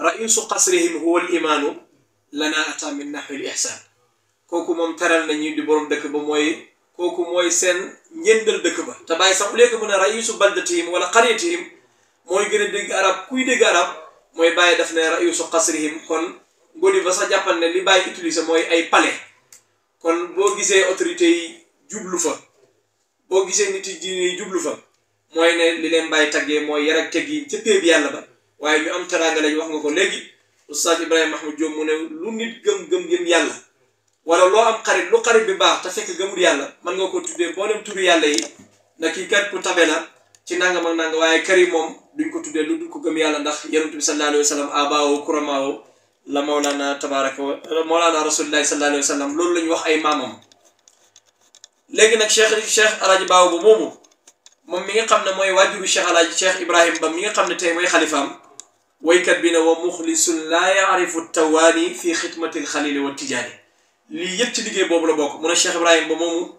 raisu qasrihim huwa al imaanu lana ata min nahwi al ihsaan kooku moom teral na ñi di borom dëkk ba mooy kooku mooy seen njëndal dëkk ba te bàyyi sax léegi mu ne raisu baldatihim wala qaryatihim mooy gën a dégg arab kuy dégg arab mooy bàyyi daf ne raisu qasrihim kon ngoni ba sax jàppal ne li bàyyi utiliser mooy ay palais kon boo gisee autorité yi jublu fa boo gisee nit yi diine jublu fa mooy ne li leen bàyyi taggee mooy yar ak teg yi ca péeb yàlla ba waaye ñu am teraanga lañ wax nga ko léegi oustaz Ibrahima Mahmoud Diop mu ne lu nit gëm gëm gëm yàlla wala loo am xarit lu xarit bi baax te fekk gëmul yàlla mën nga ko tuddee mboolem turu yàlla yi na kii kat ku tabe la ci nangam ak nangam waaye kër yi moom duñ ko tuddee lu dul ko gëm yàlla ndax yonent bi sallallahu alayhi wa sallam abaawo kuramaawo la Mawlana tabaraka wa Mawlana rasulillahi sallallahu alayhi wa sallam loolu la ñu wax ay maamam léegi nag cheikh cheikh alaaji baaw ba moomu moom mi nga xam ne mooy waajuru cheikh alaaji cheikh ibrahim ba mi nga xam ne tey mooy xalifaam woykat bi ne wa muxlisun laa yaarifu tawaani fi xidmati alxalili wa tijaani lii yëpp ci liggéey boobu la bokk mu ne Cheikh Ibrahim ba moomu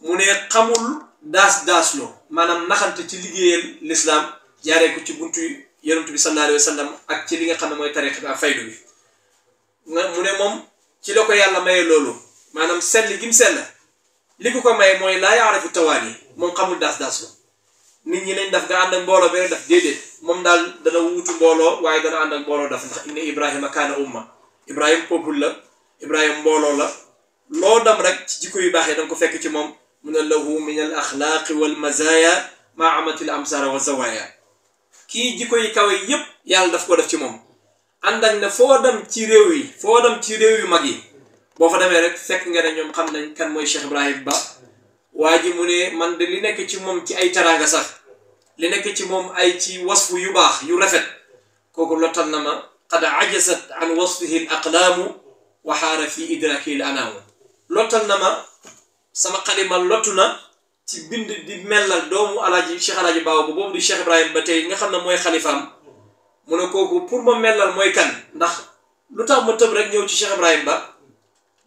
mu ne xamul daas daasloo maanaam naxante ci liggéeyal lislaam jaaree ko ci buntu yonent bi sallallahu alayhi wa sallam ak ci li nga xam ne mooy tariq bi ak faydu bi mu ne moom ci la ko yàlla mayee loolu maanaam sell gi mu sell li ku ko mayee mooy laa yaarifu tawaani moom xamul daas daasloo nit ñi nañ daf nga ànd ak mbooloo moom daal dana wuutu mbooloo waaye dana ànd ak mbooloo daf ndax inna ibrahima kaana umma ibrahima peuple la ibrahima mbooloo la loo dam rek ci jikko yu baax yi danga ko fekk ci moom mu ne lahu min al axlaaqi wal mazaya maa amatil amsara wa zawaya kii jikko yi kawe yàlla daf ko def ci moom ànd ak ne foo dem ci réew yi foo dem ci réew yu mag yi boo fa demee rek fekk nga ne ñoom xam nañ kan mooy Cheikh Ibrahim Ba waa ji mu ne man de li nekk ci moom ci ay teraanga sax li nekk ci moom ay ci wasfu yu baax yu rafet kooku lottal na ma qad ajasat an wasfihi al aqlaamu wa xaara fi idraki l lottal na ma sama xalima lottu na ci bind di mellal doomu alaaji cheikh alaaji baaw ba boobu di cheikh ibrahima ba tey nga xam ne mooy xalifaam mu ne kooku pour ma mellal mooy kan ndax lu tax ma tëb rek ñëw ci cheikh ibrahima ba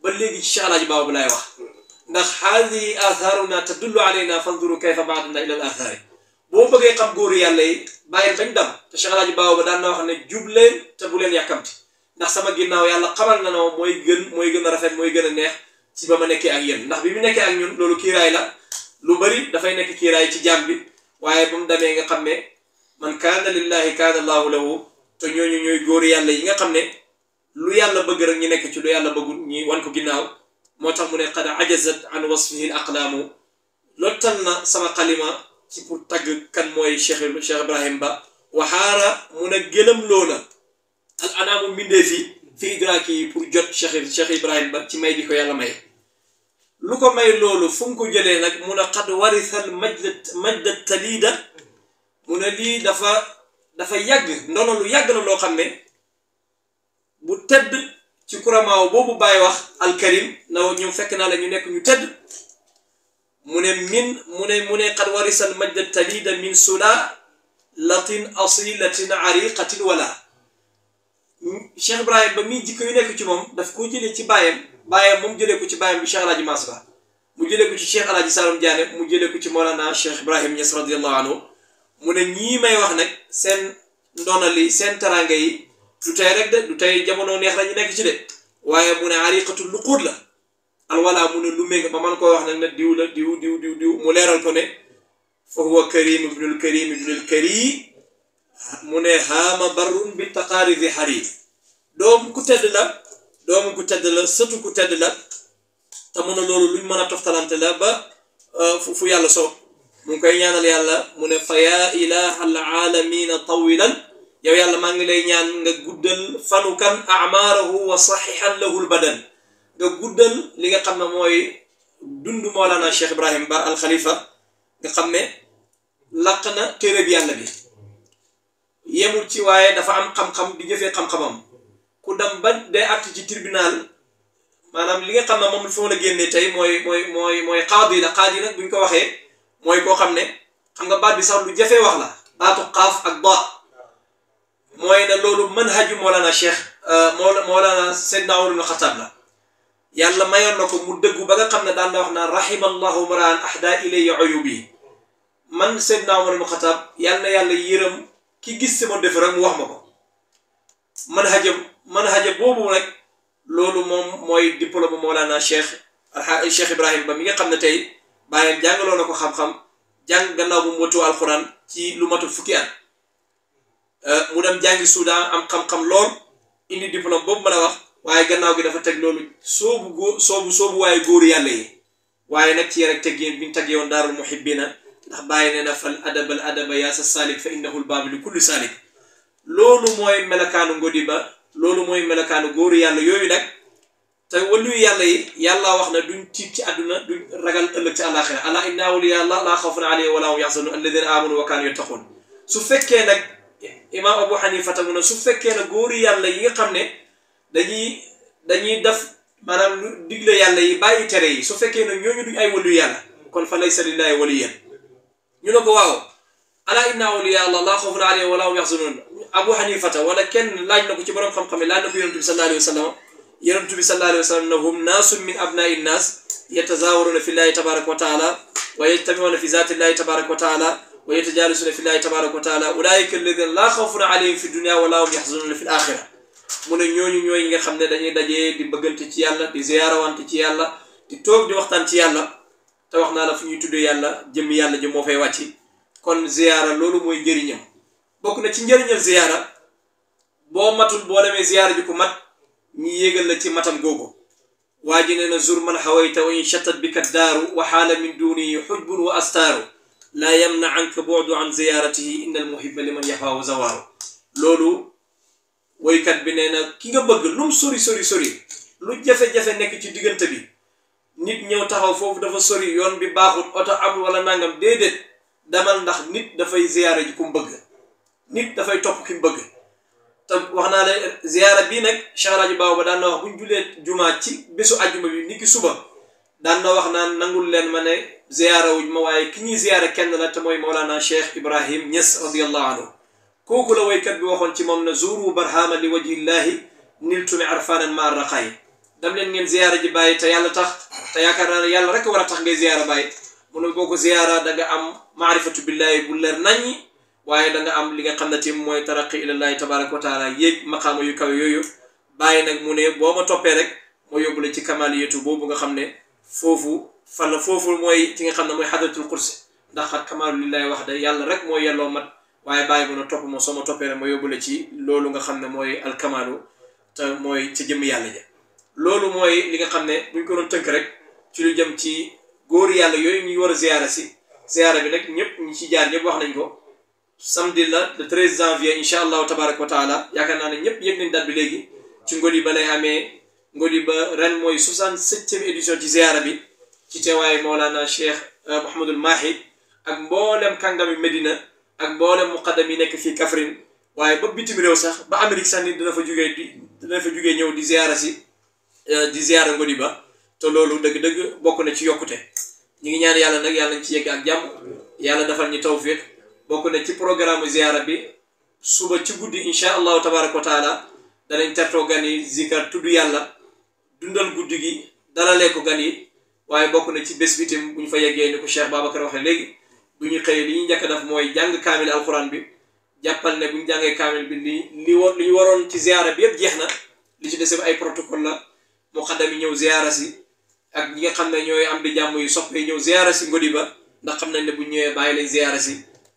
ba léegi ci cheikh alaaji baaw bi laay wax ndax haadihi athaaruna tadullu alayna fanzuru kayfa baadna ila al athaari boo bëggee xam góoru yàlla yi bàyyil bañ dam te Cheikh ba daan na wax ne jub leen te bu leen yàkkamti ndax sama ginnaaw yàlla xamal na noo mooy gën mooy gën a rafet mooy gën a neex ci ba ma nekkee ak yéen ndax bi mu nekkee ak ñun loolu kiiraay la lu bari dafay nekk kiiraay ci jaam bi waaye ba mu demee nga xam ne man kaana lillahi kaana llaahu lahu te ñooñu ñooy góoru yàlla yi nga xam ne lu yàlla bëgg rek ñi nekk ci lu yàlla bëggul ñi wan ko ginnaaw moo tax mu ne qad ajazat an wasfihi al aqlaamu lottal na sama xalima ci pour tagg kan mooy Cheikh Cheikh Ibrahim Ba waxaara mun a gëlëm loona ak anaamu mbindee fi fi idraaki yi pour jot Cheikh Ibrahim Ba ci may di ko yàlla may lu ko may loolu fu mu ko jëlee nag mun a xat warisal majda majda talida mu lii dafa dafa yàgg ndono lu yàgg la loo xam ne bu tedd ci kuramaaw boobu bàyyi wax alkarim na ñu fekk naa la ñu nekk ñu tedd mu ne min mu ne mu ne qad warisa al majda talida min sula latin asilatin ariqatin wala Cheikh Ibrahim ba muy jikko yu nekk ci moom daf koo jëlee ci baayam baayam moom jëlee ko ci baayam bi Cheikh Alaaji Maas Ba mu jëlee ko ci Cheikh Alaaji Saalum Diané mu jëlee ko ci Mawlana Cheikh Ibrahim Niass radiyallahu anhu mu ne ñii may wax nag seen ndonali seen teraanga yi du tey rek de du tey jamono neex la ñu nekk ci de waaye mu ne ariqatul luquud la alwala mu ne lu méng ba man koo wax nag ne diw la diw diw diw diw mu leeral ko ne fa huwa karim ibnul karim ibnul karim mu ne haama barrun bi taqaaridi xarit doomu ku tedd la doomu ku tedd la sëtu ku tedd la te mu ne loolu luñ mën a toftalante la ba fu fu yàlla soo mu ngi koy ñaanal yàlla mu ne fa yaa ilaha al aalamina tawilan yow yàlla maa ngi lay ñaan nga guddal fanukan amaarahu wa saxihan lahu lbadan te guddal li nga xam ne mooy dund Mawlana Cheikh Ibrahim Ba al Khalifa nga xam ne laq na téere bi yàlla bi yemul ci waaye dafa am xam-xam di jëfee xam-xamam ku dem ba day àtt ci tribunal maanaam li nga xam ne moom foo la génnee tey mooy mooy mooy mooy xaadi la xaadi nag bu ñu ko waxee mooy koo xam ne xam nga baat bi sax lu jafee wax la baatu xaaf ak ba mooy ne loolu manhaju Mawlana Cheikh euh, Mawlana Seydina Umar ibn Xattaab la yàlla mayoon na ko mu dëggu ba nga xam ne daan na wax naan rahima allahu maraan ahda ilayya uyubi man Seydina Omar ibn Xataab yàlla na yàlla yërëm ki gis sama def rek mu wax ma ko man haja man haja boobu rek loolu moom mooy diplôme Mawlana Cheikh alha Cheikh Ibrahim ba mi nga xam ne tey bàyyam jàngaloo na ko xam-xam jàng gannaaw bu mu wëtu alxuraan ci lu matu fukki at euh, mu dem jàngi Soudan am xam-xam lool indi diplôme boobu ma la wax waaye gannaaw gi dafa teg loolu soobu góor soobu soobu waaye góor yàlla yi waaye nag ci rek teggee bi ñu teggee woon daarul muhibbina ndax bàyyi nee na fal adabal adaba yaa sa saalik fa innahu l baabu li kulli saalik loolu mooy melakaanu ngodi ba loolu mooy melakaanu góoru yàlla yooyu nag te waliyu yàlla yi yàlla wax na duñ tiit ci àdduna duñ ragal ëllëg ci àllaaxira alaa inna awliyaa llaah laa xawfun alayhim wa laa hum yaxzanuun alladiina aamanu wa kaanu yattaquun su fekkee nag imaam abu xanifa tamu na su fekkee nag góoru yàlla yi nga xam ne dañuy dañuy def maanaam lu digle yàlla yi bàyyi tere yi su fekkee nag ñooñu duñ ay waliyu yàlla kon fa laysa lillahi waliyan ñu ne ko waaw alaa inna awliya allah laa xawfun alayhim wa laa hum yaxzanuun abu xanifata wala kenn laaj na ko ci borom xam-xam yi laaj na ko yonent bi sallallahu alayhi wa sallam yonent bi sallallahu alayhi wa sallam ne hum naasun min abnaa'i nnaas yatazaawaruuna fi llahi tabaraka wa taala wa yajtamiuuna fi zaati llahi tabaraka wa taala wa yatajaalisuuna fi llahi tabaraka wa taala ulaa'ika alladina laa xawfun alayhim fi dunya wa laa hum yaxzanuuna fi l axira mu ne ñooñu ñooy nga xam ne dañuy dajee di bëggante ci yàlla di ziyarawante ci yàlla di toog di waxtaan ci yàlla te wax naa la fu ñuy tuddee yàlla jëm yàlla ji moo fay wàcci kon ziyaara loolu mooy njëriñam bokk na ci njëriñal ziyaara boo matul boo demee ziyaara ji ku mat ñi yéegal la ci matam googu waa ji nee na zur man xawayta wa in shatat bika daaru wa xaala min dunihi xujbun wa astaaru laa yamna anka buudu an ziyaaratihi inna almuhiba liman yafaawu zawaaru loolu woykat bi nee na ki nga bëgg lu mu sori sori sori lu jafe-jafe nekk ci diggante bi nit ñëw taxaw foofu dafa sori yoon bi baaxul oto amul wala nangam déedéet demal ndax nit dafay ziyaara ji ku mu bëgg nit dafay topp ki mu bëgg te wax naa la ziyaara bii nag charaji baaw ba daan na wax bu ñu julee jumaa ci bésu ajjuma bi ni ki suba daan na wax naan nangul leen ma ne ziyaara wuñ ma waaye ki ñuy ziyaara kenn la te mooy Mawlana Cheikh Ibrahim Niass radiyallahu anhu kooku la waykat bi waxoon ci moom na zuuru barhaama li wajhillahi niltumi arfanan ma raqayi dam leen ngeen ziyaara ji bàyyi te yàlla tax te yaakaar naa ne yàlla rek war a tax ngay ziyaara bàyyi mu ne boo ko ziyaara da nga am maarifatu billahi bu leer naññi waaye da nga am li nga xam ne tim mooy taraqi ilallahi tabaraka wa taala yéeg maqaama yu kawe yooyu bàyyi nag mu ne boo ma toppee rek moo yóbbu la ci kamaliyatu boobu nga xam ne foofu fan la foofu mooy ci nga xam ne mooy xadatul kursi ndax ak kamaalu lillahi wax da yàlla rek mooy yelloo mat waaye bàyyi bu na topp ma soo ma toppee rek ma yóbbu la ci loolu nga xam ne mooy alkamaalu te mooy ci jëmm yàlla ja loolu mooy li nga xam ne buñ ko doon tënk rek ci lu jëm ci góor yàlla yooyu ngi war a ziyaara si ziyaara bi nag ñëpp ñu ci jaar ñëpp wax nañ ko samedi la le 13 janvier incha allahu tabaraka wa taala yaakaar naa ne ñëpp yëg nañ bi léegi ci ngoli ba lay amee ngoli ba ren mooy 67e édition ci ziyaara bi ci teewaay moo Mawlana Cheikh euh, Mouhamadul Mahi ak mboolem kàngami Medina. ak mboolem muqaddam yi nekk fii Kaffrine waaye ba bitim réew sax ba Amérique sax nit dana fa jugee di dana fa jugee ñëw di ziara si euh, di ziara Ngodiba te loolu dëgg-dëgg bokk na ci yokkute ñu ngi ñaan yàlla nag yàlla nañ ci yegg ak jàmm yàlla defal ñu tawfiq bokk na ci programme ziara bi suba ci guddi incha allahu tabaraka wa taala danañ tertoo gan yi zikar tudd yàlla dundal guddi gi dalalee ko gan yi waaye bokk na ci bes bitim bu ñu fa yeggee ni ko Cheikh Babacar waxee bu ñu xëyee li ñuy njëkk a def mooy jàng kaamil alquran bi jàppal ne bu ñu jàngee kaamil bi li li ñu waroon ci ziara bi yëpp jeex na li ci dese ay protocole la muqaddam mi ñëw ziara si ak ñi nga xam ne ñooy am di jàmm yu soppe ñëw ziara si ngodi ba ndax xam nañ ne bu ñu ñëwee bàyyi leen ziara si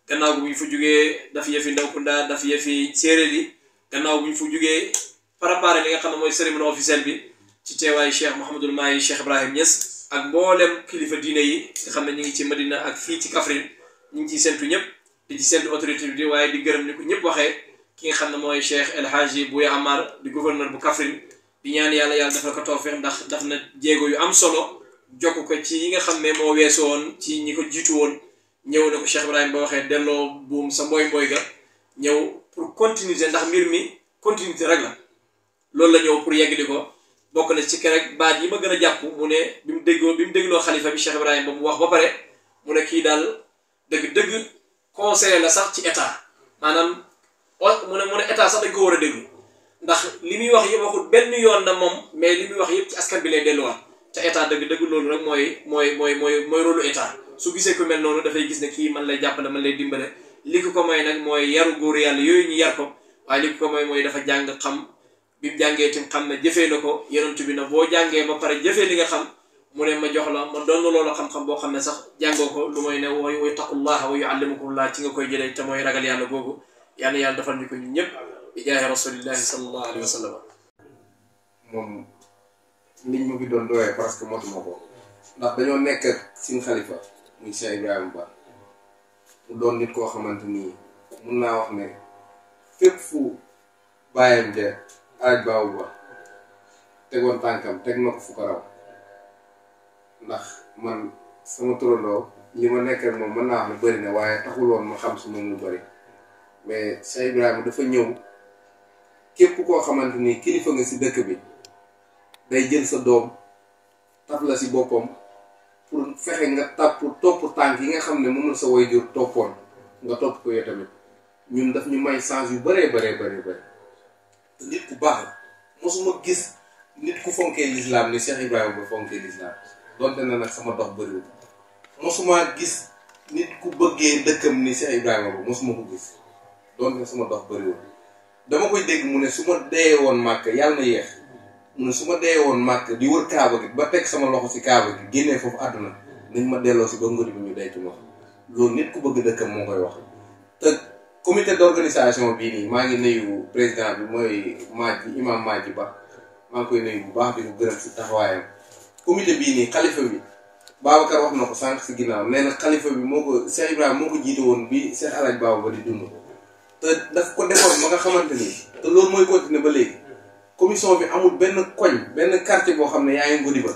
gannaaw bu ñu fu jugee daf yëfi ndawkunda daf yëfi séeréer yi gannaaw bu ñu fa jugee préparé li nga xam ne mooy cérémonie officielle bi ci teewaayu cheikh Mouhamadul Mahi cheikh Ibrahim Niass ak mboolem kilifa diine yi nga xam ne ñu ngi ci Medina ak fii ci Kaffrine ñu ngi ciy séntu ñëpp di ci séntu autorité bi waaye di gërëm ni ko ñëpp waxee ki nga xam ne mooy Cheikh El Hadji Bouya Amar di gouverneur bu Kaffrine di ñaan yàlla yàlla dafa ko toofeex ndax daf na jéego yu am solo jokk ko ci yi nga xam ne moo weesu woon ci ñi ko jiitu woon ñëw na ko Cheikh Ibrahima ba waxee delloo buum sa mbooy mbooy ga ñëw pour continuer ndax mbir mi continuité rek loolu la ñëw pour yegg ko bokk na ci kerek baat yi ma gën a jàpp mu ne bi mu déggoo bi mu dégloo xalifa bi Cheikh Ibrahima ba mu wax ba pare mu ne kii daal dëgg-dëgg conseiller la sax ci état maanaam mu ne mu ne état sax dañ ko war a déglu ndax li muy wax yëpp waxul benn yoon na moom mais li muy wax yëpp ci askan bi lay delluwaat te état dëgg-dëgg loolu rek mooy mooy mooy mooy mooy rôle état su gisee ku mel noonu dafay gis ne kii man lay jàpp jàppale man lay dimbale li ko ko mooy nag mooy yaru góor yàlla yooyu ñu yar ko waaye li ko ko dafa jàng xam. bi mu jàngee tim xam ne jëfee na ko yonent bi na boo jàngee ba pare jëfee li nga xam mu ne ma jox la ma doon loola xam-xam boo xam ne sax jàngoo ko lu mooy ne wooy wooy taqullaha wa yuallimukumullah ci nga koy jëlee te mooy ragal yàlla googu yàlla yàlla defal ñu ko ñëpp bi jaahi rasulillahi sallallahu alayhi wa sallam moom nit mu ngi doon doyee parce que motuma ko ndax dañoo nekk ak suñu xalifa muy Cheikh Ibrahima Ba nit koo xamante nii mun naa wax ne fépp fu bàyyam de araj baabu ba tegoon tànkam teg na ko fu ko raw ndax man sama turandoo li ma nekk moom mën naa wax ne bari na waaye taxul woon ma xam si moom lu bëri mais Cheikh Ibrahima dafa ñëw képp koo xamante ni kilifa nga si dëkk bi day jël sa doom taf la si boppam pour fexe nga tàpp topp tànk yi nga xam ne moom la sa way jur toppoon nga topp ko yow tamit ñun daf ñu may chance yu bëree bëree bëri bëri nit ku baax la mosuma gis nit ku fonkee lislaam ni Cheikh Ibrahima ba fonkee lislaam donte na nag sama dox bëriwul mosumaa gis nit ku bëggee dëkkam ni Cheikh Ibrahima ba mosuma ko gis donte na sama dox bëriwul dama koy dégg mu ne su ma dee woon màkk yàlla na yeex mu ne su ma dee woon màkk di wër kaaba gi ba teg sama loxo si kaaba gi génnee foofu àdduna nañ ma delloo si ba ngëri bi ñu deytu ma loolu nit ku bëgg dëkkam moo koy wax te comité d'organisation bii nii maa ngi nuyu président bi mooy Madji imam Madji Ba maa ngi koy nuyu bu baax di ko gërëm si taxawaayam comité bii nii xalifa bi Babacar wax na ko sant si ginnaaw nee na xalifa bi moo ko Cheikh Ibrahima moo ko jiite woon bi Cheikh Alaaji Baaba ba di dund te daf ko defoon ma nga xamante ni te loolu mooy continuer ba léegi commission bi amul benn koñ benn quartier boo xam ne yaa ngi ngodi ba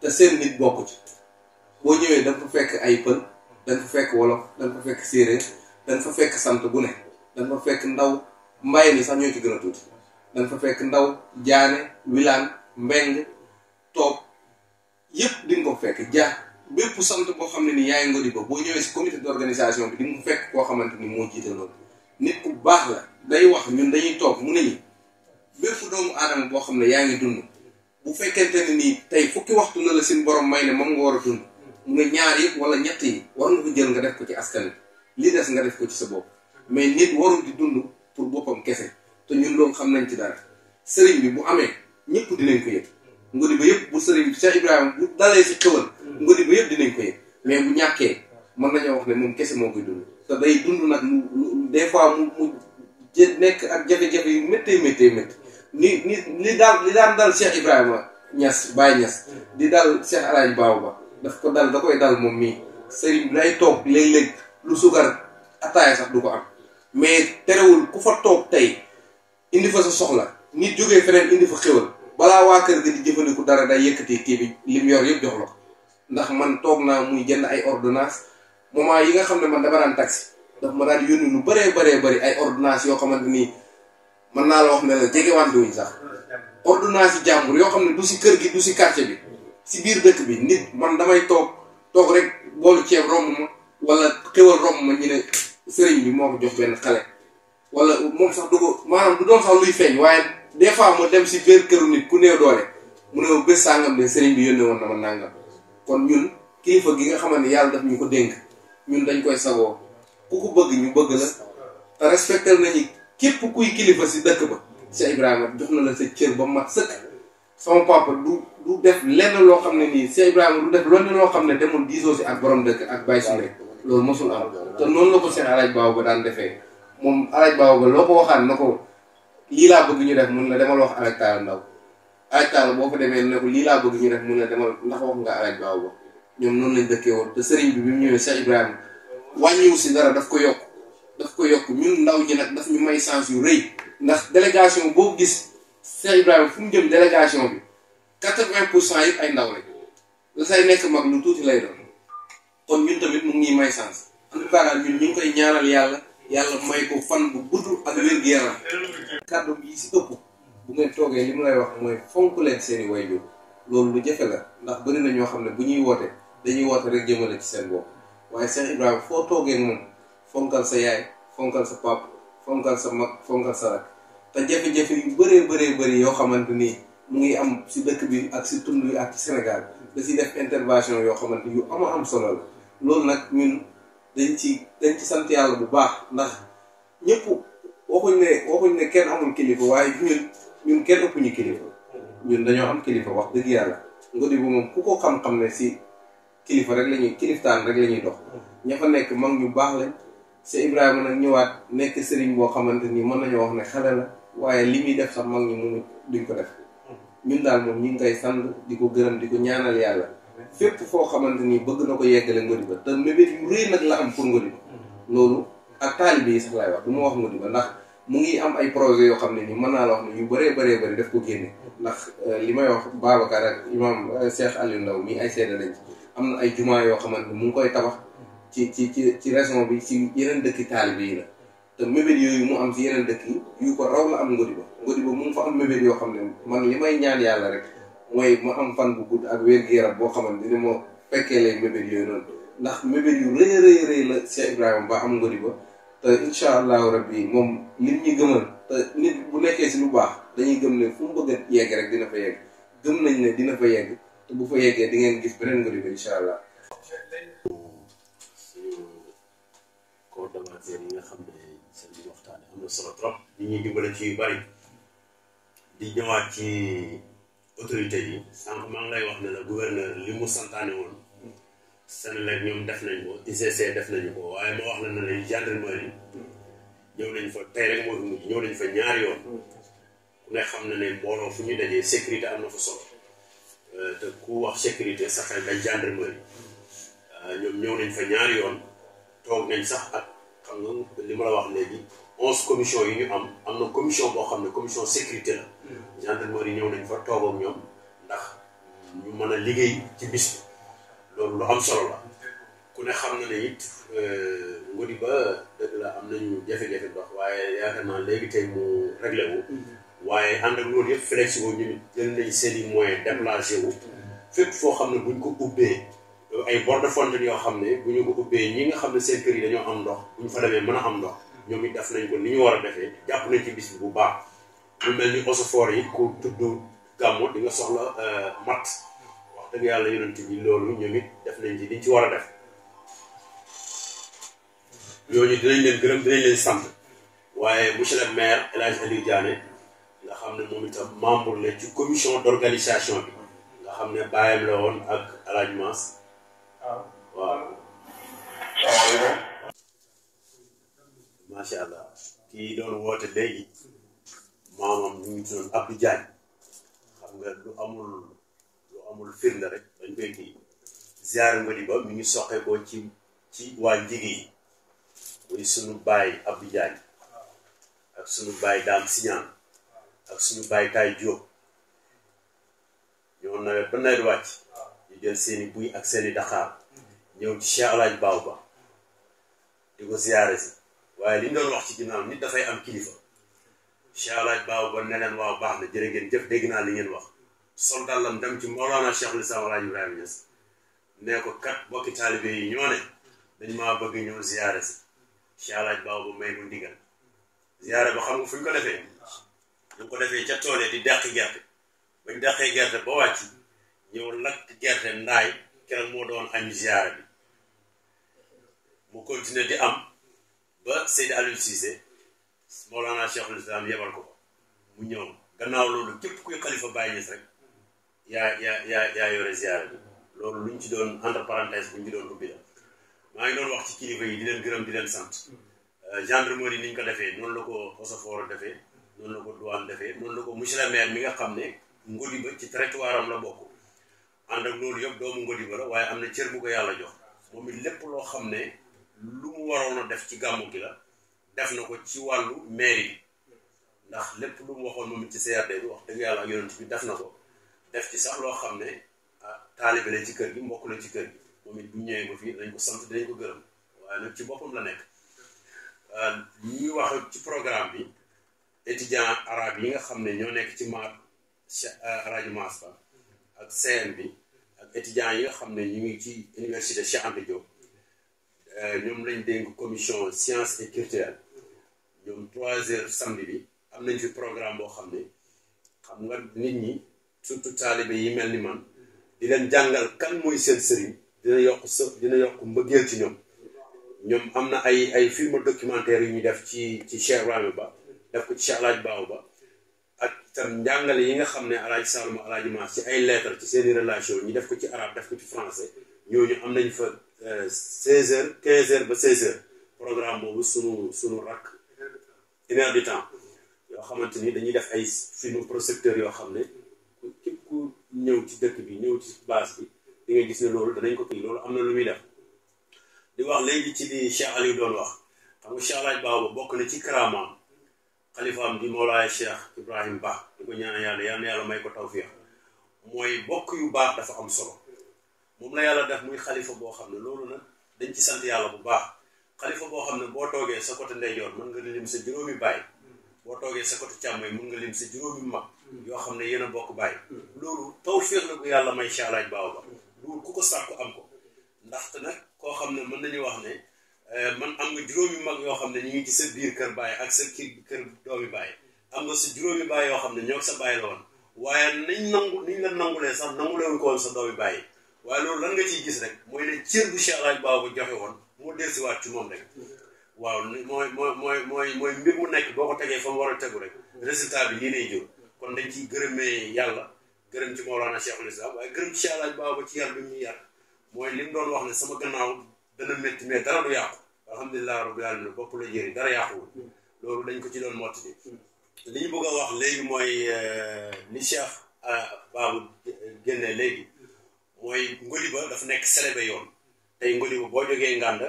te seen nit bokk ci boo ñëwee da nga ay pël da fekk wolof da nga fa fekk dañ fa fekk sant bu ne dañ fa fekk ndaw mbay ni sax ñoo ci gën a tuuti dañ fa fekk ndaw jaane wilaan mbeng toog yépp di nga ko fekk jaa bépp sant boo xam ne ni yaay ngodi ba boo ñëwee si comité d' organisation bi di nga fekk koo xamante ni moo jiite loolu nit ku baax la day wax ñun dañuy toog mu ne ñi bépp doomu aadama boo xam ne yaa ngi dund bu fekkente ne nii tey fukki waxtu na la seen borom may ne moom nga war a dund mu ne ñaar yëpp wala ñett yi war nga ko jël nga def ko ci askan bi lii des nga def ko ci sa bopp mais nit warul dund pour boppam kese te ñun loolu xam nañ ci dara sëriñ bi bu amee ñëpp dinañ ko yëg ngodi ba yëpp bu sëriñ bi Cheikh Ibrahima bu dalee si xewal ngodi ba yëpp dinañ ko mais bu ñàkkee mën nañoo wax ne moom kese moo koy dund te day dund nag des fois mu nekk ak jafe-jafe yu méttee ni ni li daal li daan dal Cheikh Ibrahima Niass di dal Cheikh Alaaji Baaw ba daf ko dal da koy dal moom mii sëriñ bi day toog léeg-léeg lu sugar ataaya sax du ko am mais terewul ku fa tok tay indi fa sa soxla nit joge fenen indi fa xewal bala wa kër gi di jëfandiku dara day yëkkatee ki bi lim yor yëpp jox la ndax man tok na muy jënd ay ordonnance moment yi nga xamne ne man dama ran taxi daf ma dal yoni lu bare bare bare ay ordonnance yo xamanteni man na la wax ne la wan duñ sax ordonnance jambour yo xamne ne du ci kër gi du ci quartier bi ci biir dëkk bi nit man damay tok tok rek bolu ci wala xéwal romb ma ñu ne sëriñ bi moo ko jox benn xale wala moom sax du ko maanaam du doon sax luy feeñ waaye des fois mu dem si biir këru nit ku néew doole mu ne bés sàngam de sëriñ bi yónnee woon na ma nàngam kon ñun kilifa gi nga xamante ne yàlla daf ñu ko dénk ñun dañ koy sagoo ku ko bëgg ñu bëgg la te respecté nañu képp kuy kilifa si dëkk ba Cheikh Ibrahima jox na la sa cër ba mat sëkk sama papa du du def lenn loo xam ne nii Cheikh Ibrahima du xam ne demul diisoo si ak ak bay si rek loolu mosul am te noonu la ko seen alaaj baaw ba daan defee moom alaaj baaw ba loo ko waxaan na ko lii laa bëgg ñu def mun la demal wax alaaj taala ndaw alaaj taala boo ko demee ne lii laa bëgg ñu def mun la demal ndax wax nga alaaj baaw ba ñoom noonu lañ dëkkee woon te sëriñ bi bi mu ñëwee Cheikh Ibrahima wàññiwu si dara daf ko yokk daf ko yokk ñun ndaw ñi ne daf ñu may chance yu rëy ndax délégation boo gis Cheikh Ibrahima fu mu jëm délégation bi quatre-vingt pour cent yëpp ay ndaw rek la say nekk mag tuuti lay doon kon ñun tamit mu ngi may sens en tout cas daal ñun ñu ngi koy ñaanal yàlla yàlla may ko fan bu gudd ak wér-gu-yaram kàddu yi si ëpp bu ngeen toogee li mu lay wax mooy fonk leen seen i waajur loolu lu jafe la ndax bëri na ñoo xam ne bu ñuy woote dañuy woote rek jëmale ci seen bopp waaye Cheikh Ibrahima foo toogee moom fonkal sa yaay fonkal sa pap fonkal sa mag fonkal sa rak te jafe-jafe yu bëree bëree bëri yoo xamante ni mu ngi am si dëkk bi ak si tund bi ak ci Sénégal da si def intervention yoo xamante yu ama am solo la loolu nag ñun dañ ci dañ sant yàlla bu baax ndax ñëpp waxuñ ne waxuñ ne kenn amul kilifa waaye ñun ñun kenn ëpp ñu kilifa ñun dañoo am kilifa wax dëgg yàlla ngodi moom ku ko ne si kilifa rek la dox ña fa nekk mag ñu baax lañ Seex Ibrahima ñëwaat nekk sëriñ boo xamante ni mën nañoo wax ne waaye li muy def sax mag ñi mënu duñ ko def ñun daal moom sant di ko gërëm di ko ñaanal yàlla fépp foo xamante ni bëgg na ko yeggale Ngodiba te mébét yu rëy nag la am pour Ngodiba loolu ak taalibe yi sax laay wax du ma wax Ngodiba ndax mu ngi am ay projet yoo xam ne ni mën naa la wax ne yu bëree bëree bëri daf ko génne ndax euh, li may wax Babacar ak imam euh, Cheikh Aliou Ndaw mii ay seede lañ am na ay jumaa yoo xamante ni mu ngi koy tabax ci ci ci ci région bi ci yeneen dëkki taalibe yi la te mébét yooyu mu am ci yeneen dëkk yi yu ko raw la am Ngodiba Ngodiba mu ngi fa am mébét yoo xam ne man li may ñaan yàlla rek mooy mu am fan bu gudd ak wér-gu-yaram boo xamante ni moo fekkee lay mébét yooyu noonu ndax mébét yu rëy rëy rëy la Cheikh Ibrahima Ba am ngori ba te incha allahu rabbi moom nit ñi gëmal te nit bu nekkee si lu baax dañuy gëm ne fu mu bëgg yegg rek dina fa yegg gëm nañ ne dina fa yegg te bu fa yeggee di ngeen gis beneen ngori ba incha allah. coordonnateur yi nga xam ne seen waxtaan am na ci bari di ñëwaat ci. autorité yi sànq maa ngi lay wax ne la gouverneur li mu santaane woon Senelec ñoom def nañ ko ICC def nañu ko waaye ma wax la ne la gendarmerie ñëw nañ fa tey rek moo fi mujj fa ñaari yoon ku xam na ne mbooloo fu ñu dajee sécurité am na euh, te ku wax sécurité sa xel day gendarmerie euh, ñoom ñëw nañ fa ñaari yoon toog nañ sax ak xam nga li ma la wax léegi onze commission yi ñu am am na commission boo xam ne commission sécurité la yi ñëw nañ fa toog ñoom ndax ñu mën a liggéey ci bis loolu lu am solo la ku ne xam na ne it euh, ngodi ba dëgg la am nañu jafe-jafe ndox waaye yaakaar naa léegi tey mu réglé wu mm-hmm. waaye ànd ak loolu yëpp flexi wu ñu jël nañ seen i moyens déplacé wu mm-hmm. fépp foo xam ne buñ ko ubbee ay bords de fontaine yoo xam ne bu ñu ko ubbee ñi nga xam ne seen kër yi dañoo am ndox bu ñu fa demee mën a am ndox mm-hmm. ñoom it def nañ ko ni ñu war a defee jàpp nañ ci bis bu baax lu mel ni osofoor yi ku tudd gàmmu di nga soxla euh, mat wax dëgg yàlla yonent bi loolu ñoom it def nañ ci liñ ci war a def ñooñu dinañ leen gërëm dinañ leen sant waaye monsieur le maire El Hadj Aliou nga xam ne moom itam membre la ci commission d'organisation bi nga xam ne bàyyam la woon ak El Hadj ah. waaw macha allah kii doon woote léegi maamam ñu ngi tudd Abdou Diagne xam nga lu amul lu amul firnde rek dañ koy kii ziar ngodi ba mi ngi soqeekoo ci ci waa njigi yi muy sunu baay Abdou Diagne ak suñu baay Dame Siñaan ak suñu baay Taay Diop ñoo nawet ba nawet wàcc ñu jël seeni buy ak seeni daxaar ñëw ci Cheikh Alaaj Baaw ba di ko ziare si waaye li ñu wax ci ginnaaw nit dafay am kilifa Cheikh Alaaj Baabu ba ne leen waaw baax na jërë ngeen jëf dégg naa li ngeen wax sol dàllam dem ci Mawlaana Cheikhul Islam Alaaj ne Niass nee ko kat bokki taalibe yi ñoo ne dañ maa bëgg ñëw ziyaare si Cheikh Baabu ba may bu ndigal ziyaare ba xam nga fu ñu ko defee ñu ko defee ca tool yi di deq gerte bañ deqee gerte ba wàcc ñëw lakk gerte ndaay keroog moo doon añ ziyaare bi mu continuer di am ba Seydi Aliou Cissé Mawlana Cheikhul Islam yebal ko ko mu ñëw gannaaw loolu képp kuy xalifa Baye Niass rek yaa yaa yaa yaa yore ziar bi loolu luñ ci doon entre parenthèse buñ ci doon ubbi la maa ngi doon ci kilifa yi leen gërëm di leen sant euh, gendarmerie ni ñu ko defee noonu la ko Osafoor defee noonu la ko douane defee noonu la ko monsieur le maire mi nga xam ne Ngodiba ci territoire am la bokk ànd ak loolu yëpp doomu Ngodiba la waaye am na cër bu ko yàlla jox moom it lépp loo xam ne lu mu waroon a def ci gàmmu gi la. def na ko ci wàllu mairie ndax lépp lu mu waxoon moom ci CRD bi wax dëgg yàlla ak yonent bi def na ko def ci sax loo xam ne ah taalibe la ci kër gi mbokk la ci kër gi moom it bu ñëwee ba fii dañ ko sant dañ ko gërëm waaye nag ci boppam la nekk ah, ñuy wax ci programme bi étudiant arabe yi nga xam ne ñoo nekk ci maat ah, rajo Maasba ak CN bi ak étudiants yi nga xam ne ñu ngi ci université Cheikh Anta Diop eh, ñoom lañ dénk commission science et culturelle ñoom trois heures samedi bi am nañ fi programme boo xam ne xam nga nit ñi surtout taalibe yi mel ni man di leen jàngal kan mooy seen sëriñ dina yokk sa dina yokk mbëggeel ci ñoom ñoom am na ay ay film documentaire yu ñu def ci ci Cheikh Ibrahima Ba def ko ci Cheikh Baaw Ba ak tam njàngale yi nga xam ne Alaaji Saalum Alaaji Maas ci ay lettre ci seeni relation ñu def ko ci arabe def ko ci français ñooñu am nañ fa euh, seize heures quinze heures ba seize heures programme boobu sunu sunu rakk une heure du temps yoo xamante ni dañuy def ay film projecteur yoo xam ne képp ku ñëw ci dëkk bi ñëw ci base bi di nga gis ne loolu danañ ko kii loolu am na lu muy def di wax léegi ci li Cheikh Aliou doon wax xam nga Cheikh Alaaj Baaba bokk na ci karaamaam xalifaam di Mawlaay Cheikh Ibrahim Ba di ko ñaan yàlla yal yàlla may ko tawfiix mooy bokk yu baax dafa am solo moom la yàlla def muy xalifa boo xam ne loolu nag dañ ci sant yàlla bu baax xalifa boo xam ne boo toogee sa côté ndeyjoor mën nga lim sa juróomi baay boo toogee sa côté càmmoñ mën nga lim sa juróomi mag yoo xam ne yéen bokk baay loolu taw féex la yàlla may caalaaj baaw ba loolu ko sàkku am ko ndaxte nag koo xam ne mën nañu wax ne euh, man am nga juróomi mag yoo xam ne ñu ngi ci sa biir kër baay ak sa kii kër doomi baay am nga sa juróomi baay yoo xam ne ñoo sa baay la woon waaye nañ nangu niñ la nangulee sax nanguleewuñ ko woon sa doomi baay waaye loolu lan nga ciy gis rek mooy ne cër bu caalaaj baaw ba joxe woon mu dellusiwaat ci moom rek waaw mooy mooy mooy mooy mooy mbir mu nekk boo ko tegee fa mu war a tegu rek résultat bi lii lay kon dañ ciy gërëmee yàlla gërëm ci Mawlana Cheikhul Islam waaye gërëm ci Cheikh Alaaji Baaba ci yàlla bi mu yar mooy li mu doon wax ne sama gannaaw dana métti mais dara du yàqu alhamdulilah rabbil alamin bopp la jëri dara yàquwul loolu dañ ko ci doon mottali li ñu bëgg a wax léegi mooy li euh, Cheikh euh, Baaba génnee léegi mooy ngoli ba dafa nekk selebe yoon tey Ngodiba boo jógee Nganda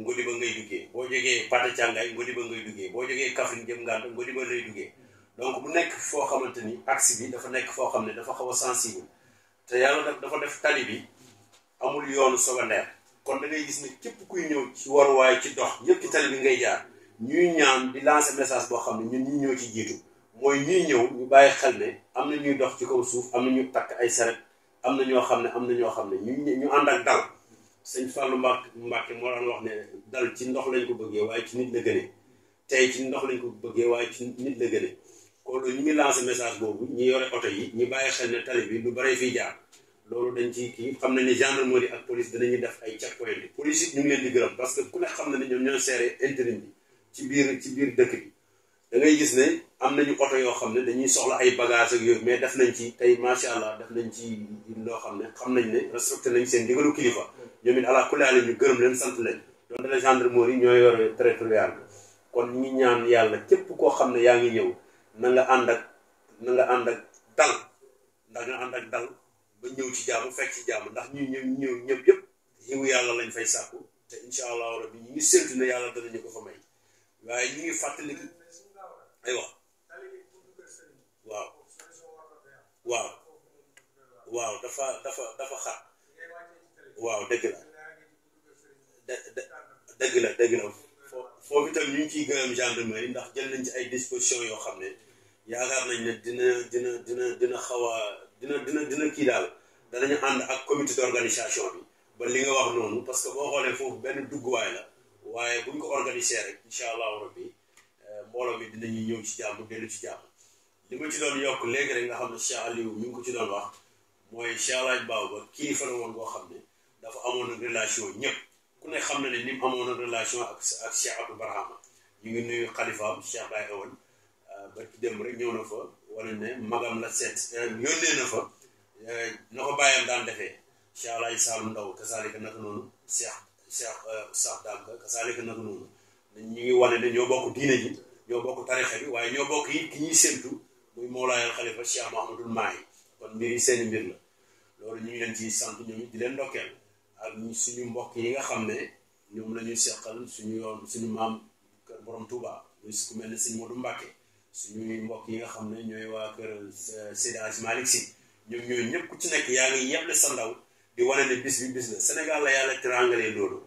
Ngodiba ngay duggee boo jógee Pate Thiangay Ngodiba ngay duggee boo jógee Kaffrine jëm Nganda Ngodiba lay duggee donc bu nekk foo xamante ni axe bi dafa nekk foo xam ne dafa xaw a sensible te yàlla daf dafa def tali bi amul yoonu secondaire kon dangay gis ne képp kuy ñëw ci waruwaay ci dox yëpp ci tali bi ngay jaar ñuy ñaan di lancer message boo xam ne ñun ñi ñoo ci jiitu mooy ñuy ñëw ñu bàyyi xel ne am na ñuy dox ci kaw suuf am na ñu takk ay saret am na ñoo xam ne am na ñoo xam ne ñu ñu ànd ak dal sëñ Fallou Mbacke Mbacke moo daan wax ne dal ci ndox lañ ko bëggee waaye ci nit la gënee tey ci ndox lañ ko bëggee waaye ci nit la gënee kon ñu ngi lancé message boobu ñi yore oto yi ñu bàyyi xel ne tali bi lu baree fii jaar loolu dañ ci kii xam nañ ne gendarmerie ak police danañuy def ay checkpoint bi police it ñu ngi leen di gërëm parce que ku ne xam na ne ñoom ñoo seere intérim bi ci biir ci biir dëkk bi da ngay gis ne am nañu oto yoo xam ne dañuy soxla ay bagage ak yooyu mais def nañ ci tey macha allah def nañ ci loo xam ne xam nañ ne respecté nañ seen ndigalu kilifa ñoom it ala kulli aale ñu gërëm leen sant leen donte la gendarmerie ñoo yore territorial kon ñu ñaan yàlla képp koo xam ne yaa ngi ñëw na nga ànd ak na ànd ak dal ndax nga ànd ak ba ñëw ci jaamu fekk ci jaamu ndax ñu ñëw ñëw ñëpp yëpp yiwu yàlla lañ fay sàkku te incha allahu rabbi ñu ngi séntu ne yàlla danañu ko fa may waaye ñu ngi fàttali ay waaw waaw dafa dafa dafa xat waaw dëgg la dëgg la dëgg la foofu itam ñu ngi ciy gërëm gendarmerie ndax jël nañ ci ay dispositions yoo xam ne yaakaar nañ ne dina dina dina dina xaw a dina dina dina kii daal danañu ànd ak comité d'organisation bi ba li nga wax noonu parce que boo xoolee foofu benn dugguwaay la waaye buñ ko organiser rek incha allahu rabbi euh, mbooloo mi dinañu ñëw ci jàmm dellu ci jàmm li ma ci doon yokk léegi rek nga xam ne Cheikh Aliou mi ko ci doon wax mooy Cheikh Alaaj ba kilifa la woon boo xam ne dafa amone relation ñëpp ku ne xam na ne ni amone relation ak ak Cheikh Abdou Barhama ñu ngi nuyu khalifa xalifaam Cheikh Baye Awan ba ci dem rek ñëw na fa wala ne magam la set yónnee na fa na bayam daan defé Cheikh Alaaji sal Ndaw kasaalika nak nonu Cheikh Cheikh Cheikh Danka kasaalika nak nonu ñi ngi wone ne ñoo bokk diine ji ñoo bokk tarixa bi waye ñoo bokk yi ki ñi séntu muy Mawlaayal khalifa Cheikh mahamoudou may kon mbiri seen mbir la lolu ñu ngi leen ci sant ñu di leen ndokkeel ak suñu mbokk yi nga xam ne ñoom la seqan suñu yoon suñu maam kër borom Touba muy ku mel ne sëñ Modou Mbacke suñu mbokk yi nga xam ne ñooy waa kër euh, Seydi Hadji Malick ñoom ñooy ñëpp ku ci nekk yaa ngi yeble sa ndaw di wane ne bis bi bis la Sénégal la yàlla teraangalee loolu.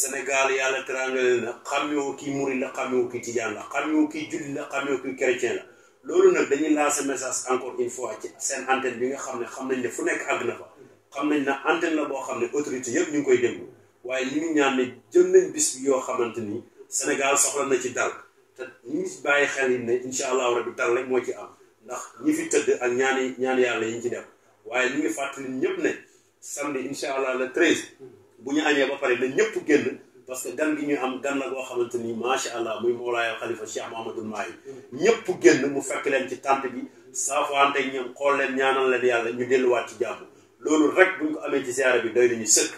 Sénégal yàlla teraangalee na xamewu kii murid la xamewu kii tijaan la xamewu ki julli la xamewu kii chrétien la loolu nag dañuy sa message encore une fois ci seen antenne bi nga xam ne xam nañ ne fu nekk àgg na xam nañ na antenne la boo xam ne autorité yëpp ñu ngi koy déglu waaye ñu ngi ñaan ne jël nañ yoo xamante ni Sénégal soxla na ci dal te ñu ngi bàyyi xel yi ne incha allahu rabi dal rek moo ci am ndax ñi fi tëdd ak ñaani ñaan yàlla yi ñu ci dem waaye ñu ngi fàttali ñëpp ne samedi incha allah le treize bu ñu añee ba pare na ñëpp génn parce que gan gi ñu am gan la boo xamante ni macha allah muy Mawlaaya Khalifa Cheikh Mahamadul Mahi ñëpp génn mu fekk leen ci tànt bi saafo saafaante ak ñoom xool leen ñaanal leen yàlla ñu delluwaat ci jàmm lolu rek buñ ko amé ci ziara bi doy nañu sëkk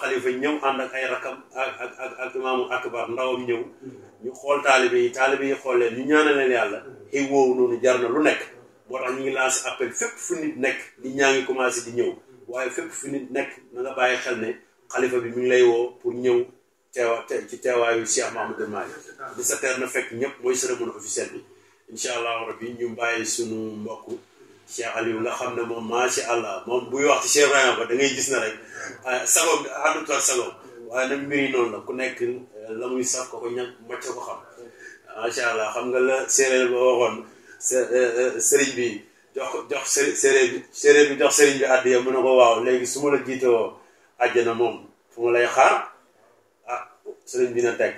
khalifa ñëw ànd ak ay rakam ak ak ak ak imam akbar ndawam ñëw ñu xol talibé yi talibé yi xolé ñu ñaanal leen yàlla xëy woow nonu jarna lu nekk bo tax ñi ngi lancer appel fépp fu nit nekk di ñaa commencé di ñëw waye fépp fu nit nekk na nga baye xel ne khalifa bi mi ngi lay wo pour ñëw téwa ci téwa yu Cheikh Mahamadou Mahi di sa terre na fekk ñep moy cérémonie officielle bi inshallah rabbi ñu baye sunu mbokk Cheikh Aliou nga xam ne moom macha allah moom buy wax ci Cheikh Ibrahima ba da ngay gis na rek ah, sagoom àndut ak sagoom waaye nag mbir noonu la ku nekk eh, la muy sax ko ko ñàkk màcc ko xam macha allah xam nga la séeréer ba waxoon eh, eh, bi jox jox séeréer bi séeréer bi jox sëriñ bi àddiya mu ne ko waaw léegi su ma la jiitewoo àjjana moom fu ma lay xaar ah sëriñ bi na teg.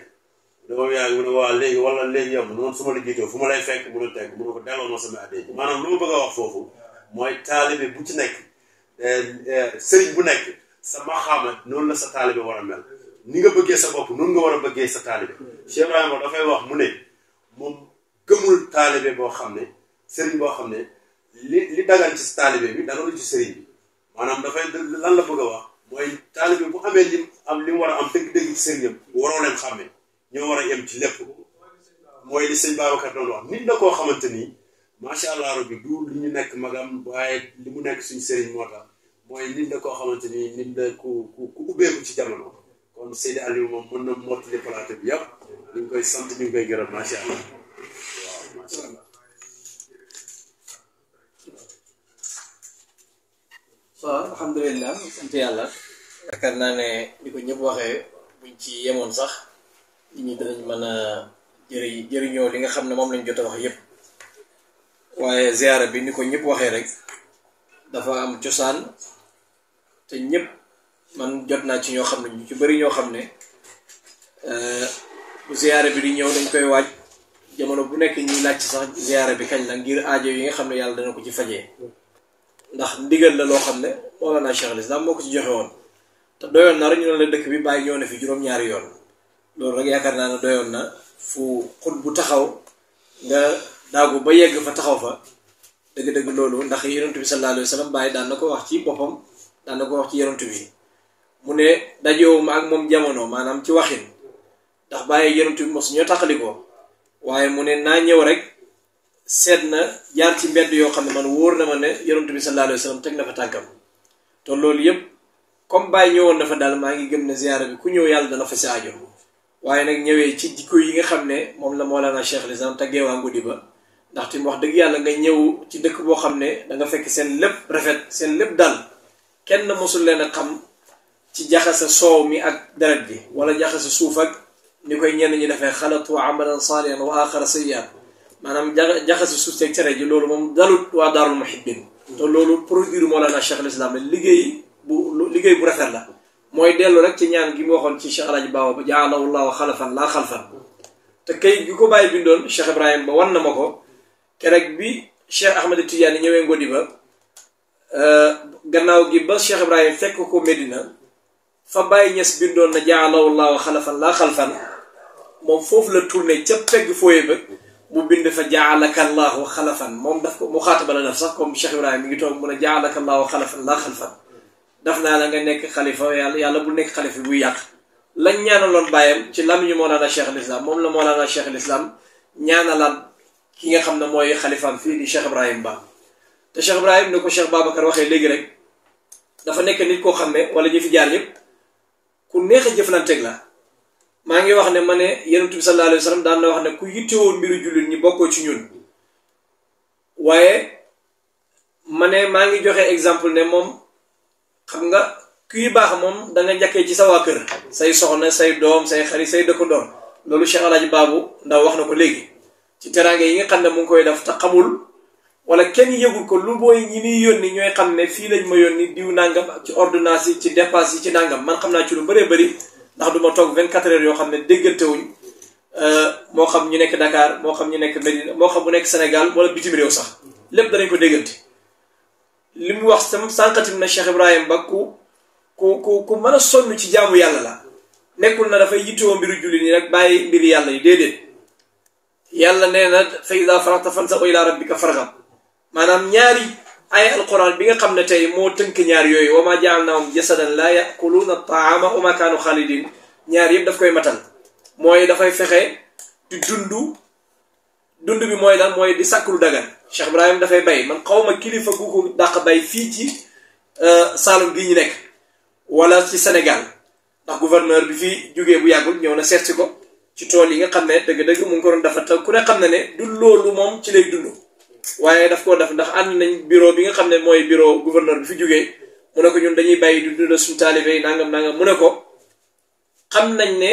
dama yaa ngi waa léegi wala léegi yow noonu su ma la jiitoo fu ma lay fekk mu ne teg mu ne ko delloo ma sama addiya maanaam lu ma bëgg a wax foofu mooy taalibe bu ci nekk eh, eh, sëriñ bu nekk sa maxaama noonu la sa taalibe war a mel ni nga bëggee sa bopp noonu nga war a bëggee sa taalibe Cheikh Ibrahima dafay wax mu ne moom gëmul taalibe boo xam ne sëriñ boo xam ne li li dagan ci bi dagalu ci sëriñ bi maanaam dafay lan la bëgg a wax mooy taalibe bu amee lim am li mu war a am dëgg-dëgg waroo leen xàmmee ñoo war a yem ci lépp mooy li sëñ Babacar doon wax nit la koo xamante ni macha allah rabbi du li ñu nekk magam waaye li mu nekk suñu sëriñ moo tax mooy nit la koo xamante ni nit la ku ku ku ubbeeku ci jamono kon Seydi Aliou moom mën bi yàpp koy sant ñu ngi koy gërëm macha allah waaw macha allah. waaw alhamdulilah sant yàlla. naa ne ni ko ñëpp waxee buñ ci yemoon sax. nit ñi danañ mën a jëriñ jëriñoo li nga xam ne moom lañ jot a wax yépp waaye ziara bi ni ko ñëpp waxee rek dafa am cosaan te ñëpp man jot naa ci ñoo xam ne ñu ci bëri ñoo xam ne bu euh, ziara bi di ñëw dañ koy waaj jamono bu nekk ñuy laaj sax ziara bi kañ la ngir aajo yi nga xam ne yàlla dana ko ci fajee ndax ndigal la loo xam ne Mawlana Cheikh al Islam moo ko ci joxe woon te doyoon na rek ñu ne la dëkk bi bàyyi ñoo ne fi juróom-ñaari yoon. loolu rek yaakaar naa ne doyoon na fu xut bu taxaw nga daagu ba yegg fa taxaw fa dëgg-dëgg loolu ndax yonent bi sallallahu alayhi wa sallam bàyyi daan na ko wax ci boppam daan na ko wax ci yonent bi mu ne dajewuma ak moom jamono maanaam ci waxin ndax bàyyi yonent bi mos ñoo tàqalikoo waaye mu ne naa ñëw rek seet na jaar ci mbedd yoo xam ne man wóor na ma ne yarantu bi sallallahu alayhi wa sallam teg na fa tàggam te loolu yëpp comme bàyyi ñëwoon na fa daal maa ngi gëm ne ziyaara ku ñëw yàlla dana fa si aajo waaye nag ñëwee ci jikko yi nga xam ne moom la Mawlana Cheikh Lislam tàggee waa Ngodi ba ndaxte wax dëgg yàlla nga ñëw ci dëkk boo xam ne da nga fekk seen lépp rafet seen lépp daal kenn mosul leen a xam ci jaxase soow mi ak deret bi wala jaxase suuf ak ni koy ñenn ñi defee xalatu amalan saalihan wa axara sayyi'an maanaam jaxase suuf seeg cere ji loolu moom dalut waa daarul muhibbin te loolu produire Mawlana Cheikh Lislam la liggéey bu liggéey bu rafet la moy delu rek ci ñaan gi mo xon ci Cheikh Alaaji baba ba jaala wallahu khalfan la khalfan te kay gi ko baye bindon Cheikh ibrahim ba wan mako ma rek bi Cheikh Ahmed Tidiane ñewé ngodi ba euh gannaaw gi ba Cheikh ibrahim fekk ko Medina fa baye ñes bindon na jaala wallahu khalfan la khalfan mom fofu la tourner ci pegg foye ba mu bind fa jaalaka allah khalfan mom daf ko mu xaataba la sax comme Cheikh ibrahim mi ngi tok mu na jaalaka allah khalfan la khalfan dafna la nga nek khalifa yàlla yàlla bu nekk xalifa buy yàq lañ ñaanaloon bayam ci ñu moona na Cheikh l'islam mom la moona na Cheikh l'islam Islam ñaanalaan ki nga xamne moy khalifa fi di Cheikh Ibrahim Ba te Cheikh Ibrahim ne ko Cheikh babakar waxe legi rek dafa nek nit ko xamne wala ñi fi jaar yëpp ku neex a jëflanteeg la ma ngi wax ne mané ne yonent bi sallallahu alayhi wasallam daan na wax ne ku yitté won mbiru julit ñi bokko ci ñun waye mané ma ngi joxe exemple ne mom xam nga kuy baax moom da nga njëkkee ci sa waa kër say soxna say doom say xarit say dëkkandoor loolu Cheikh El Hadj Babou wax na ko léegi ci teraanga yi nga xam ne mu ngi koy def te xamul wala kenn yëgul ko lu booy ñi muy yónni ñooy xam ne fii lañ ma yónni diw nangam ci ordonnance yi ci dépense yi ci nangam man xam naa ci lu baree bari ndax du ma toog 24 heures yoo xam ne déggante wuñ euh, moo xam ñu nekk ndakaar moo xam ñu nekk Medina moo xam bu nekk Sénégal wala bitim réew sax lépp danañ ko déggante. li mu wax sam sànqatim na Cheikh Ibrahim ba ku ku ku ku mën a sonn ci jaamu yàlla la nekkul na dafay woo mbiru julli nii rek bàyyi mbiri yàlla yi déedéet yàlla nee na fa ida faragta fansab ila rabbika farghab maanaam ñaari ay alquran bi nga xam ne tey moo tënk ñaar yooyu wa ma jaalnaahum jasadan laa yakuluuna taama wa kaanu xaalidin ñaar yëpp daf koy matal mooy dafay fexe di dund dund bi mooy lan mooy di sàkkul lu dagan Cheikh Ibrahim dafay bay man xawma kilifa gu ko dàq bay fii ci euh, Saalum gi ñu nekk wala ci Sénégal ndax gouverneur bi fi jógee bu yàggul ñëw na seet si ko ci tool yi nga xam ne dëgg-dëgg mu ko doon dafa te ku ne xam ne ne du loolu moom ci lay dund waaye daf koo def ndax ànd nañ bureau bi nga xam ne mooy bureau gouverneur bi fi jógee mu ne ko ñun dañuy bàyyi du dund suñu taalibe yi nangam nangam mu ne ko xam nañ ne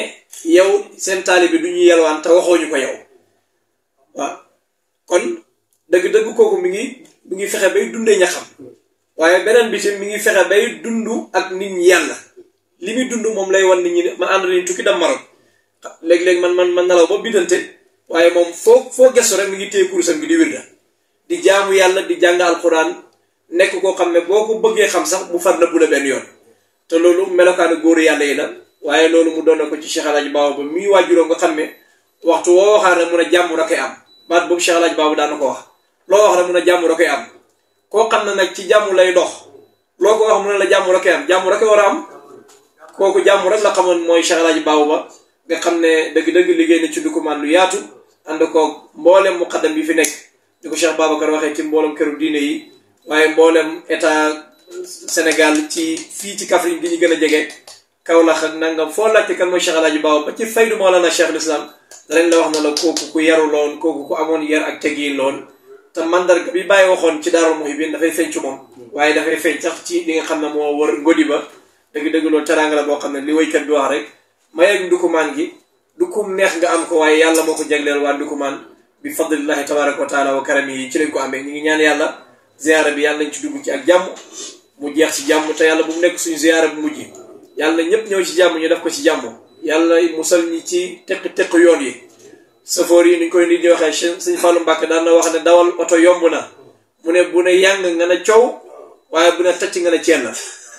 yow seen taalibe du ñuy yelwaan te waxooñu ko yow waa kon dëgg-dëgg kooku mi ngi mu ngi fexe bay dundee ñaxam waaye beneen bi ci mi ngi fexe bay dund ak nit ñi yàlla li muy dund moom lay wan nit ñi ma ànd nañu tukki dem Maroc léeg-léeg man man man nalaw ba biddante waaye moom foo foo gestu rek mu ngi téye kurusam gi di wirda di jaamu yàlla di jàng alquran nekk koo xam ne boo ko bëggee xam sax mu far na bu la benn yoon te loolu melokaanu góor yàlla yi la waaye loolu mu doon na ko ci Cheikh Alaaji Baaw ba mi waajuróom nga xam ne waxtu woo waxaar rek mun a jàmm da koy am baat boobu Cheikh Alaaji Baabu daana ko wax loo wax rek mun a jàmm da koy am koo xam ne nag ci jàmm lay dox loo ko wax mu ne jàmm da am jàmm da war a am kooku jàmm rek la xamoon mooy Cheikh Alaaji Baabu ba nga xam ne dëgg-dëgg liggéey na ci dukumaan lu yaatu ànd ko mboolem muqaddam bi fi nekk di ko Cheikh Babacar waxee ci mboolem këru diine yi waaye mboolem état Sénégal ci fii ci Kaffrine gi ñu gën a jege Kaolack ak nangam foo laajte kan mooy Cheikh El Hadj Baaw ba ci faydu Mawlana Cheikh Islam danañ la wax na la kooku ku yaru loon kooku ku amoon yar ak tegiin loon te mandarga bi bàyyi waxoon ci Daaru Muhibin dafay feeñ ci moom waaye dafay feeñ sax ci li nga xam ne moo wër ngodi ba dëgg-dëgg loolu teraanga la boo xam ne li waykat bi wax rek mayeeg ndukumaan gi dukum neex nga am ko waaye yàlla moo ko jagleel waa ndukumaan bi fadlillahi tabaraka wa taala wa karami yi ci lañ ko amee ñu ngi ñaan yàlla ziyaara bi yàlla nañ ci dugg ci ak jàmm mu jeex ci jàmm te yàlla bu mu nekk suñu ziyaara bu mujj yàlla ñëpp ñëw ci jàmm ñu def ko ci jàmm yàlla musal ñi ci teq-teq yoon yi safoor yi ni koy nit ñi waxee sëñ Fallou Mbacke daan na wax ne dawal oto yomb na mu ne bu ne yàng nga ne coow waaye bu ne tacc nga ne ceen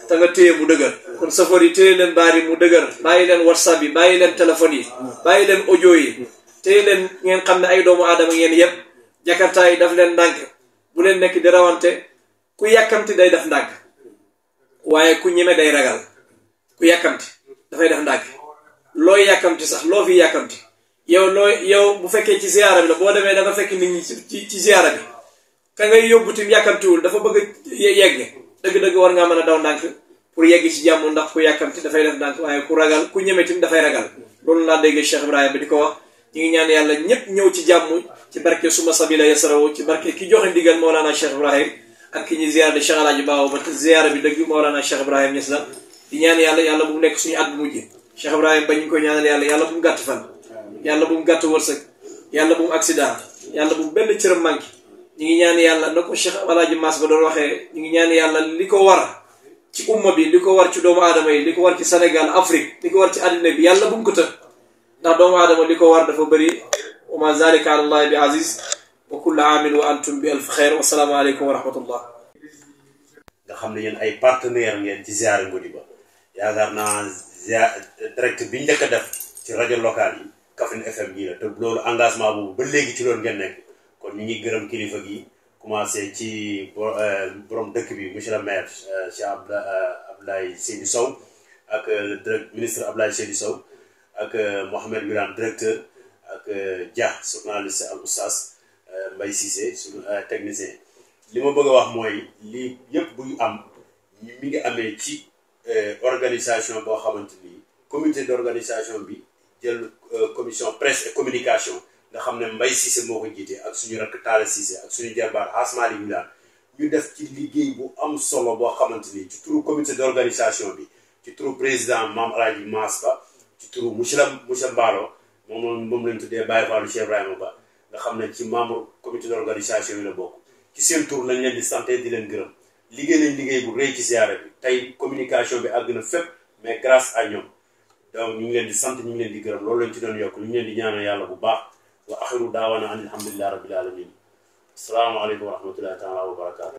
te nga téye mu dëgër kon safoor yi téye leen baar yi mu dëgër bàyyi leen whatsapp yi bàyyi leen téléphone yi bàyyi leen audio yi téye leen ngeen xam ne ay doomu aadama ngeen yëpp jakartaa yi daf leen ndànk bu leen nekk di rawante ku yàkkamti day def ndànk waaye ku ñeme day ragal ku yàkkamti dafay def ndànk looy yàkkamti sax loo fi yàkkamti yow looy yow bu fekkee ci ziara bi la boo demee da nga fekk nit ñi ci ci ziara bi ka ngay yóbbu ti yàkkamtiwul dafa bëgg a yegg dëgg-dëgg war ngaa mën a daw ndànk pour yegg ci jàmm ndax ku yàkkamti dafay def ndànk waaye ku ragal ku ñeme tim dafay ragal loolu laa dégg Cheikh bi di ko wax ñu ngi ñaan yàlla ñëpp ñëw ci jàmm ci barke suma sabila yasarawo ci barke ki joxe ndigal Mawlana Cheikh Ibrahim ak ki ñuy ziara de Cheikh Alaaji Baaw ba ziara bi dëgg Mawlana Cheikh Ibrahim Ñas la di ñaan yàlla yàlla bu mu nekk suñu at bu mujj Cheikh Ibrahima ba ñu koy ñaanal yàlla yàlla bu mu gàtt fan yàlla bu mu gàtt wërsëg yàlla bu mu accident yàlla bu mu benn cëram manqué ñu ngi ñaan yàlla na ko Cheikh Alaaji Maas ba doon waxee ñu ngi ñaan yàlla li ko war ci umma bi li ko war ci doomu aadama yi li ko war ci senegal Afrique li ko war ci àddina bi yàlla bu mu ko të ndax doomu aadama li ko war dafa bëri wa ma zalika ala allahi bi aziz wa kullu amin wa antum bi alf xeer wa rahmatullah nga xam ne yéen ay partenaire ngeen ci ziar Ngodiba yaakaar naa direct bi njëkk a def ci rajo locale yi Kaffrine FM bii la te loolu engagement boobu ba léegi ci loolu ngeen nekk kon ñu ngi gërëm kilifa gi commencé ci euh, borom dëkk bi monsieur le maire euh, Cheikh Abda euh, Abdoulaye Seydou Sow ak ministre Abdoulaye Seydou Sow ak Mohamed Birane directeur ak Dia journaliste ak oustaz Mbaye Cissé suñu technicien li ma bëgg a wax mooy lii yëpp buy am mi ngi amee ci. Euh, organisation bo xamanteni comité d'organisation bi jël euh, commission presse et communication nga xam mbay Mbaye Cissé moo ko ak suñu rakk tala Cissé ak suñu jarbaar Asmaali Wilane ñu def ci liggéey bu am solo bo xamanteni ci turu comité d'organisation bi ci turu président mam Alhaji masba ci turu monsieur monsieur Mballo moom moom lañ tuddé Baye Fallou Cheikh Ibrahima Ba nga xam ci membre comité d'organisation organisation yi la bokk ci seen tour lañ leen di santé di leen gërëm. liggéey nañ liggéey bu rëy ci ziara bi tey communication bi àgg na fépp mais grâce à ñoom donc ñu ngi leen di sant ñu ngi leen di gërëm loolu lañ ci doon yokk ñu ngi leen di ñaanal yàlla bu baax wa axiru daawaana an alhamdulilah rabbil alamin asalaamaaleykum wa rahmatullahi taala wa barakaatu